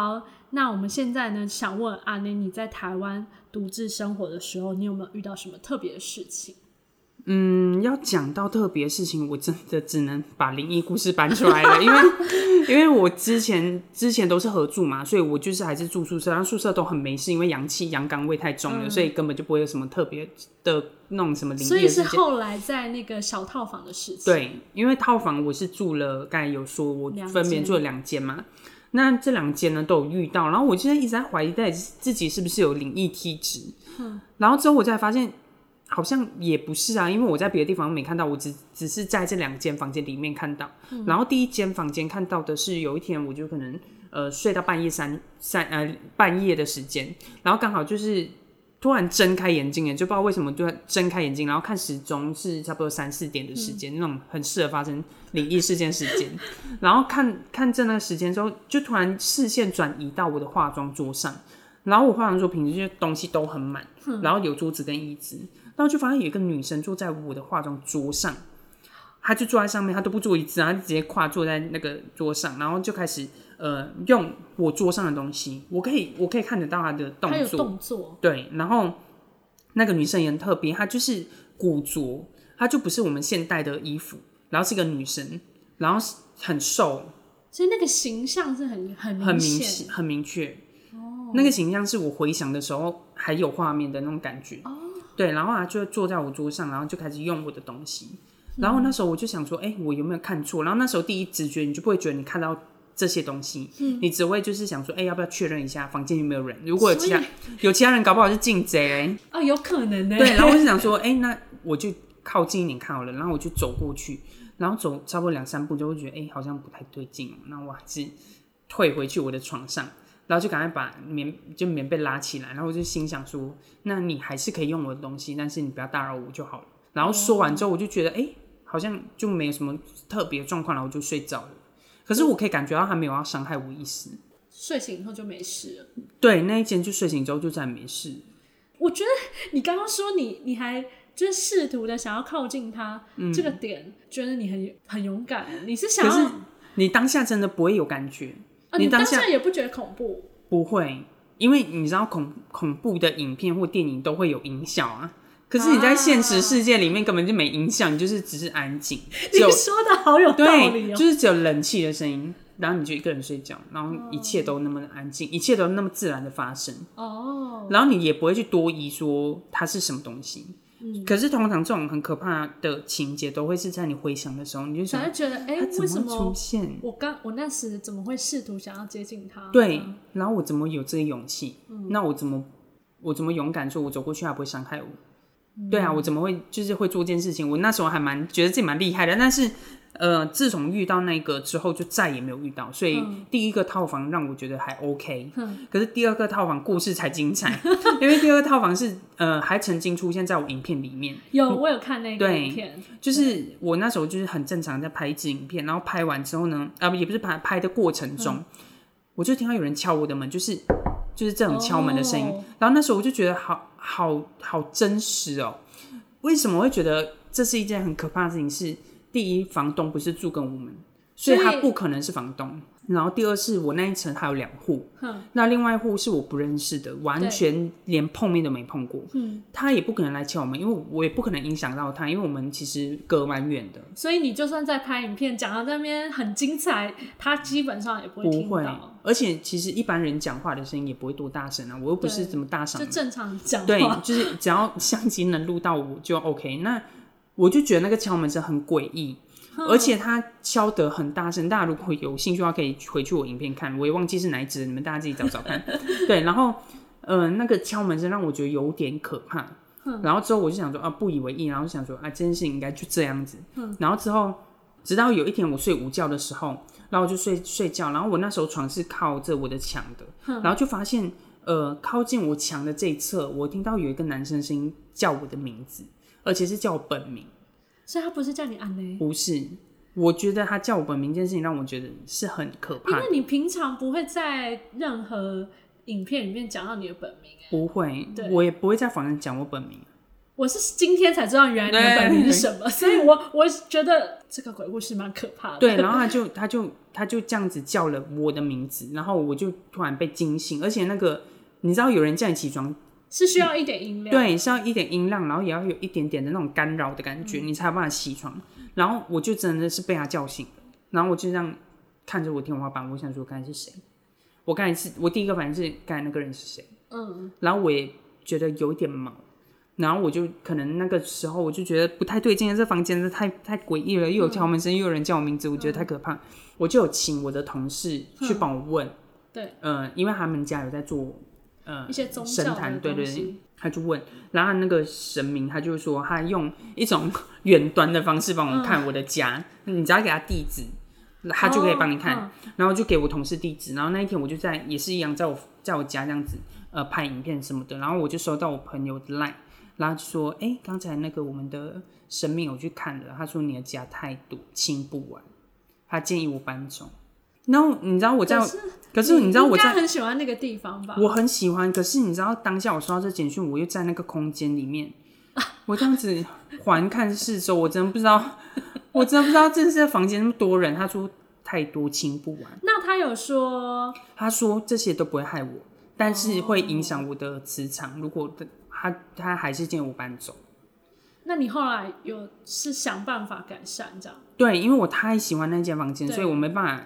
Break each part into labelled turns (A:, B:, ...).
A: 好，那我們現在呢，想問阿雷，啊，你在台灣獨自生活的時候，你有沒有遇到什麼特別的事情？
B: 嗯，要講到特別的事情，我真的只能把靈異故事搬出來了， 因為因為我之前之前都是合住嘛，所以我就是還是住宿舍，然後宿舍都很沒事，因為陽氣陽剛味太重了，嗯，所以根本就不會有什麼特別的那種什麼靈異事件。所以是後
A: 來在那個小套房的事情。對，
B: 因為套房我是住了，剛才有說我分別住了兩間嘛。那這兩間呢都有遇到，然後我現在一直在懷疑在自己是不是有靈異體質，然後之後我才發現好像也不是啊，因為我在別的地方沒看到，我只只是在這兩間房間裡面看到，嗯。然後第一間房間看到的是有一天我就可能呃睡到半夜三三呃半夜的時間，然後剛好就是。突然睜開眼睛，也就不知道為什麼，就睜開眼睛，然後看時鐘是差不多三四點的時間，嗯，那種很適合發生靈異事件的時間。 然後看看那個時間之後，就突然視線轉移到我的化妝桌上，然後我化妝桌平時這些東西都很滿，嗯，然後有桌子跟椅子，然後就發現有一個女生坐在我的化妝桌上，她就坐在上面，她都不坐椅子，她直接跨坐在那個桌上，然後就開始。呃，用我桌上的東西，我可以，我可以看得到他的動作。動作對，然後那個女生也很特別，她就是古着，她就不是我們現代的衣服，然後是一個女生，然後很瘦，
A: 所以那個形象是很很很明顯，很明確。明明 oh. 那個
B: 形象是我回想的時候還有畫面的那種感覺。Oh. 對，然後他就坐在我桌上，然後就開始用我的東西，
A: 然後那時
B: 候我就想說，哎、欸，我有沒有看錯？然後那時候第一直覺，你就不會覺得你看到。這些東西、嗯，你只會就是想說，哎、欸，要不要確認一下房間有沒有人？如果有其他有其他人，搞不好是進賊啊，
A: 有可能呢、欸。對，然後我就想
B: 說，哎、欸，那我就靠近一點看好了，然後我就走過去，然後走差不多兩三步就會覺得，哎、欸，好像不太對勁。那我還是退回去我的床上，然後就趕快把棉就棉被拉起來，然後我就心想說，那你還是可以用我的東西，但是你不要打擾我就好了。然後說完之後，我就覺得，哎、哦欸，好像就沒有什麼特別狀況，然後我就睡着了。可是我可以感覺到他沒有要傷害我的意思。嗯、
A: 睡醒以後就沒事了。
B: 對，那一間就睡醒之後就再沒事。
A: 我覺得你剛剛說你你還就是試圖的想要靠近他這個點，嗯、覺得你很很勇敢。你是想要？
B: 你當下真的不會有感覺啊你？你當下也
A: 不覺得恐怖？
B: 不會，因為你知道恐恐怖的影片或電影都會有影響啊。可是你在現實世界裡面根本就沒影響、啊，你就是只是安靜。你說的好有道理。喔，對，就是只有冷氣的聲音，然後你就一個人睡覺，然後一切都那麼安靜、哦，一切都那麼自然的發生。哦，然後你也不會去多疑說它是什麼東西。嗯、
A: 可是通
B: 常這種很可怕的情節都會是在你回想的時候，你就想覺得哎、欸，為什麼出現？我
A: 剛我那時怎麼會試圖想要接近他、啊？對，
B: 然後我怎麼有這個勇氣、嗯？那我怎麼我怎麼勇敢說我走過去還不會傷害我？對啊，我怎麼會就是會做件事情？我那時候還蠻覺得自己蠻厲害的，但是，呃，自從遇到那個之後，就再也沒有遇到。所以第一個套房讓我覺得還 OK，、嗯、可是第二個套房故事才精彩，嗯、 因為第二個套房是呃還曾經出現在我影片裡面。
A: 有，我,我,我有看那一個影片，就是
B: 我那時候就是很正常在拍一支影片，然後拍完之後呢，啊，也不是拍拍的過程中、嗯，我就聽到有人敲我的門，就是。就是這種敲門的聲音，oh。然後那時候我就覺得好好好真實哦，為什麼我會覺得這是一件很可怕的事情是？是第一，房東不是住跟我們，所以他不可能是房東。然後第二次，我那一層還有兩戶，那另外一戶是我不認識的，完全連碰面都沒碰過。嗯，他也不可能來敲門，因為我也不可能影響到他，因為我們其實隔蠻遠的。
A: 所以你就算在拍影片，講到那邊很精彩，他基本上也不
B: 會到不到。而且其實一般人講話的聲音也不會多大聲啊，我又不是怎麼大聲，就
A: 正常講話。對，就是
B: 只要相機能錄到我就 OK。那我就覺得那個敲門聲很詭異。而且他敲得很大聲。嗯，大家如果有興趣的話，可以回去我影片看，我也忘記是哪一支，你們大家自己找找看。 對，然後，呃、那個敲門聲讓我覺得有點可怕。嗯、然後之後我就想說啊，不以為意。然後想說啊，這件事情應該就這樣子。嗯。然後之後，直到有一天我睡午覺的時候，然後我就睡睡覺，然後我那時候床是靠着我的牆的，嗯，然後就發現呃，靠近我牆的這一側，我聽到有一個男生聲音叫我的名字，而且是叫我本名。
A: 所以他不是叫你安嘞？不
B: 是，我覺得他叫我本名這件事情讓我覺得是很可怕的。因為
A: 你平常不會在任何影片裡面講到你的本名
B: 欸，不會，對，我也不會在房間講我本名。
A: 我是今天才知道原來你的本名是什麼，所以我我覺得這個鬼故事蠻可怕的。對，然後他
B: 就他就他就這樣子叫了我的名字，然後我就突然被驚醒，而且那個你知道有人叫你起床。
A: 是需要一點音量，嗯，對，是
B: 要一點音量，然後也要有一點點的那種干擾的感覺，嗯、你才有辦法起床。然後我就真的是被他叫醒了，然後我就這樣看着我天花板，我想說剛才是誰？我剛才是、嗯、我第一個反應是剛才那個人是誰？嗯，然後我也覺得有點毛，然後我就可能那個時候我就覺得不太對勁，這個，房間太太詭異了，又有敲門聲，又有人叫我名字，我覺得太可怕，嗯、我就有請我的同事去幫我問，嗯、
A: 對，
B: 嗯、呃，因為他們家有在做。嗯、呃，一些宗教的神壇，對對對，他就問，嗯、然後那個神明，他就說他用一種遠端的方式幫我們看、嗯、我的家，你只要給他地址，他就可以幫你看。哦嗯、然後就給我同事地址，然後那一天我就在也是一樣，在我在我家這樣子呃拍影片什麼的。然後我就收到我朋友的 Line，他說：“哎，剛才那個我們的神明我去看了，他說你的家太堵，清不完，他建議我搬走。”然、no, 後你知道我在，可是，可是你知道我在你很
A: 喜歡那個地方吧？我很
B: 喜歡，可是你知道當下我收到這簡訊，我又在那個空間裡面，啊、我這樣子環看四周， 我真的不知道，我真的不知道，這是在房間那麼多人，他說太多清不完。
A: 那他有說？他
B: 說這些都不會害我，但是會影響我的磁場。如果他他他還是建議我搬走。
A: 那你後來有是想辦法改善這
B: 樣？對，因為我太喜歡那間房間，所以我沒辦法。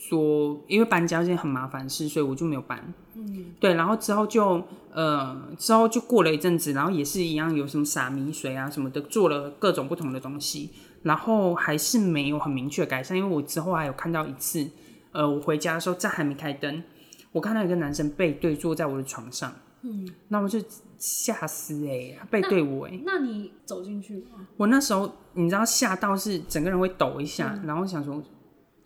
B: 說，因為搬家是件很麻煩事，所以我就沒有搬。嗯，對，然後之後就，呃，之後就過了一陣子，然後也是一樣，有什麼撒米水啊什麼的，做了各種不同的東西，然後還是沒有很明確改善。因為我之後還有看到一次，呃，我回家的時候家還沒開燈，我看到一個男生背對坐在我的床上。嗯，那我就嚇死欸，他背對我欸。那
A: 你走進去？
B: 我那時候你知道嚇到是整個人會抖一下，嗯，然後想說。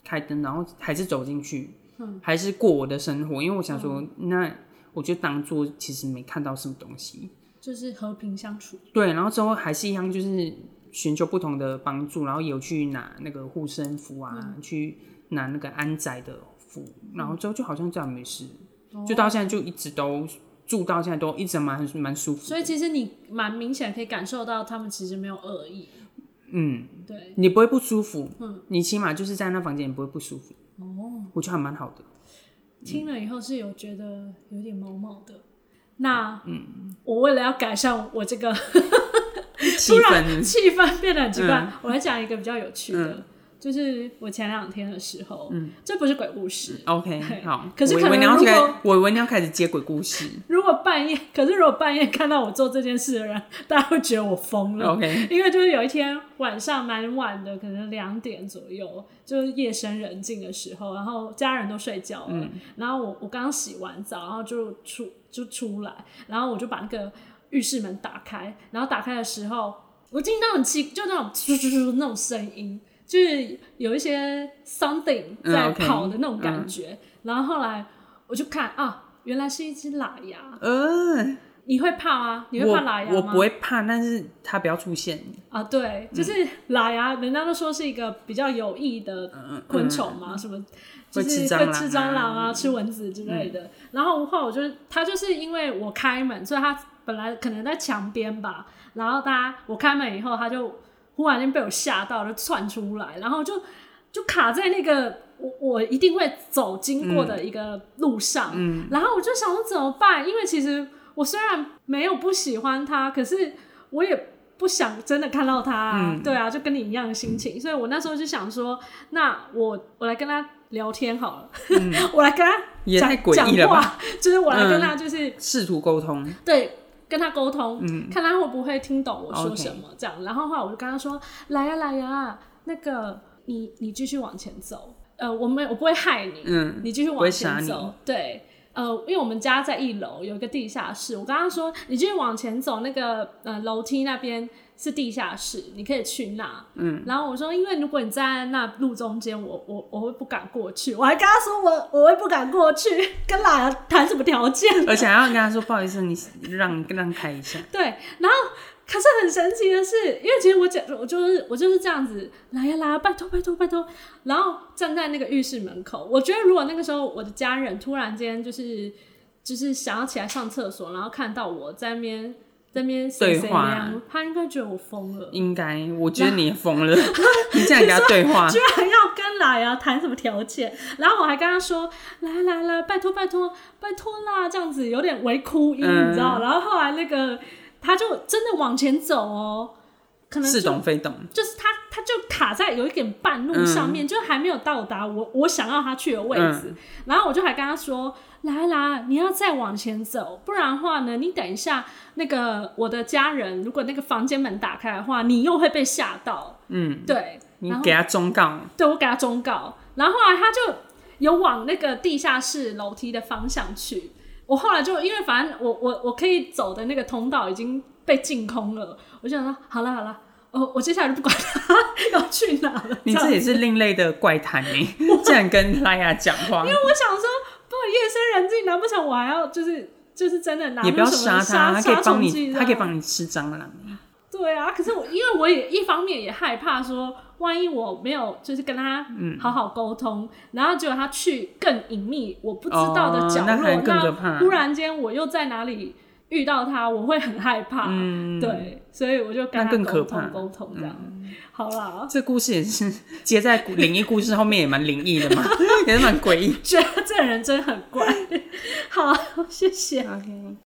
B: 開燈，然後還是走進去，嗯，還是過我的生活，因為我想說，嗯、那我就當做其實沒看到什麼東西，
A: 就是和平相處。
B: 對，然後之後還是一樣，就是尋求不同的幫助，然後也有去拿那個護身符啊、嗯，去拿那個安宅的符、嗯，然後之後就好像這樣沒事，嗯，就到現在就一直都住到現在都一直蠻蠻舒服。所
A: 以其實你蠻明顯可以感受到，他們其實沒有惡意。
B: 嗯，對，你不會不舒服，嗯，你起碼就是在那房間也不會不舒服。
A: 哦，我覺得還蠻好的。聽了以後是有覺得有點毛毛的。那，嗯，我為了要改善我這個氣 氛，氣氛變得很奇怪。嗯、我來講一個比較有趣的，嗯、就是我前兩天的時候，嗯，這不是鬼故事、嗯、OK，對好。可是，可能你要覺得，
B: 我一我們要開始接鬼故事，
A: 如果。半夜，可是如果半夜看到我做這件事的人，大家會覺得我瘋了。Okay. 因為就是有一天晚上蠻晚的，可能兩點左右，就是夜深人靜的時候，然後家人都睡覺了，嗯、然後我我剛洗完澡，然後就出就出來，然後我就把那個浴室門打開，然後打開的時候，我聽到很奇，就那種叮叮叮叮那種聲音，就是有一些 something 在跑的那種感覺、嗯 okay. 嗯，然後後來我就看啊。原來是一隻喇牙。嗯、呃，你會怕嗎？你會怕喇牙嗎？嗎？我不會
B: 怕，但是它不要出現
A: 啊！對，就是喇牙、嗯。人家都說是一個比較有益的昆蟲嘛，嗯嗯、什麼、就是會，吃啊、會吃蟑螂啊，吃蚊子之類的。嗯、然後話，我就是它，他就是因為我開門，所以它本來可能在牆邊吧。然後大家我開門以後，它就忽然間被我嚇到，就竄出來，然後就就卡在那個。我我一定會走經過的一個路上，嗯嗯、然後我就想我怎麼辦？因為其實我雖然沒有不喜歡他，可是我也不想真的看到他，啊嗯。對啊，就跟你一樣的心情，嗯。所以我那時候就想說，那我我來跟他聊天好了，嗯、 我來跟他講、
B: 也太詭異了吧、講話，
A: 就是我來跟他就是試、嗯、圖溝通，對，跟他溝通、嗯，看他會不會聽懂我說什麼、okay. 這樣。然後的話，我就跟他說：“來呀、啊、來呀、啊，那個你你繼續往前走。”呃，我沒，我不會害你，嗯，你繼續往前走。對，呃，因為我們家在一樓有一個地下室，我剛剛說你繼續往前走，那個呃樓梯那邊是地下室，你可以去那。嗯，然後我說，因為如果你站在那路中間，我我我會不敢過去，我還跟他說我我會不敢過去，
B: 跟哪談什麼條件？我想要跟他說不好意思，你讓讓開一下。
A: 對，然後。可是很神奇的是，因為其實我講，我就是我就是這樣子來呀、啊、來啊，拜托拜托拜托，然後站在那個浴室門口。我覺得如果那個時候我的家人突然間就是就是想要起來上廁所，然後看到我在那邊在那邊，對話，他應該覺得我瘋了。應
B: 該，我覺得你瘋了。
A: 你這樣跟他對話，居然要跟來啊，談什麼條件？然後我還跟他說 來啊來來、啊，拜托拜托拜托啦，這樣子有點微哭音、嗯，你知道？然後後來那個。他就真的往前走哦，可能似懂非懂，就是他，他就卡在有一點半路上面，嗯、就還沒有到達我我想要他去的位置、嗯。然後我就還跟他說：“來啦，你要再往前走，不然的話呢，你等一下那個我的家人，如果那個房間門打開的話，你又會被嚇到。”嗯，對，你給
B: 他忠告，
A: 對，我給他忠告。然後後來他就有往那個地下室樓梯的方向去。我後來就因為反正我我我可以走的那個通道已經被淨空了，我就想說好了好了，哦，我接下來就不管他 要去哪了。你自己是
B: 另類的怪談，竟 然跟喇牙講話。 因為
A: 我想說，對，夜深人靜，難不成我還要就是就是真的拿不什麼的殺？也不要殺他，他可以幫你，你，他可以
B: 幫你吃蟑螂。
A: 對啊，可是我因為我也一方面也害怕說。萬一我沒有就是跟他好好溝通，嗯，然後結果他去更隱秘我不知道的角落，哦，那忽然間我又在哪裡遇到他，我會很害怕。嗯、對，所以我就跟他溝通溝通，通這樣、嗯、好了。這故事也是
B: 接在靈異故事後面，也蠻靈異的嘛， 也是蠻詭異。
A: 覺得這人真的很乖。好，謝謝。Okay.